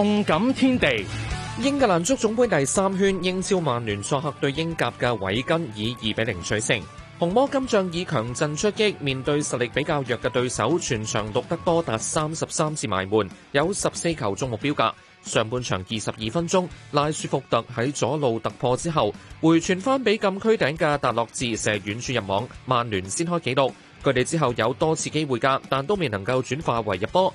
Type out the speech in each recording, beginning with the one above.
動感天地，英格蘭足總盃第三圈，英超曼聯作客對英甲嘅韋根，以二比零取勝。紅魔今仗以強陣出擊，面對實力比較弱嘅對手，全場錄得多達三十三次埋門，有十四球中目標噶。上半場二十二分鐘，拉舒福特喺左路突破之後，回傳翻俾禁區頂嘅達洛治射遠柱入網，曼聯先開紀錄。佢哋之後有多次機會噶，但都未能夠轉化為入波。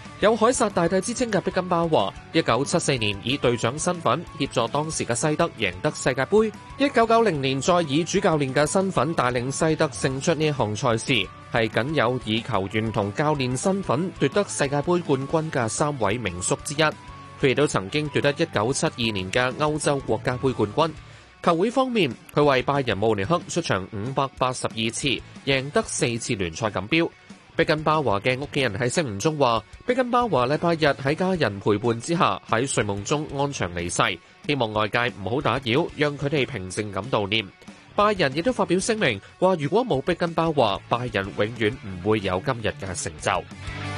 有凱撒大帝之稱嘅碧根巴華，一九七四年以隊長身份協助當時嘅西德贏得世界杯，一九九零年再以主教練嘅身份帶領西德勝出呢一項賽事，係僅有以球員同教練身份奪得世界杯冠軍嘅三位名宿之一。佢亦都曾經奪得一九七二年嘅歐洲國家杯冠軍。球會方面，佢為拜仁慕尼黑出場五百八十二次，贏得四次聯賽錦標。碧根巴華嘅屋企人喺聲明中話，碧根巴華禮拜日喺家人陪伴之下喺睡夢中安詳離世，希望外界唔好打擾，讓佢哋平靜咁悼念。拜仁亦都發表聲明話，如果冇碧根巴華，拜仁永遠唔會有今日嘅成就。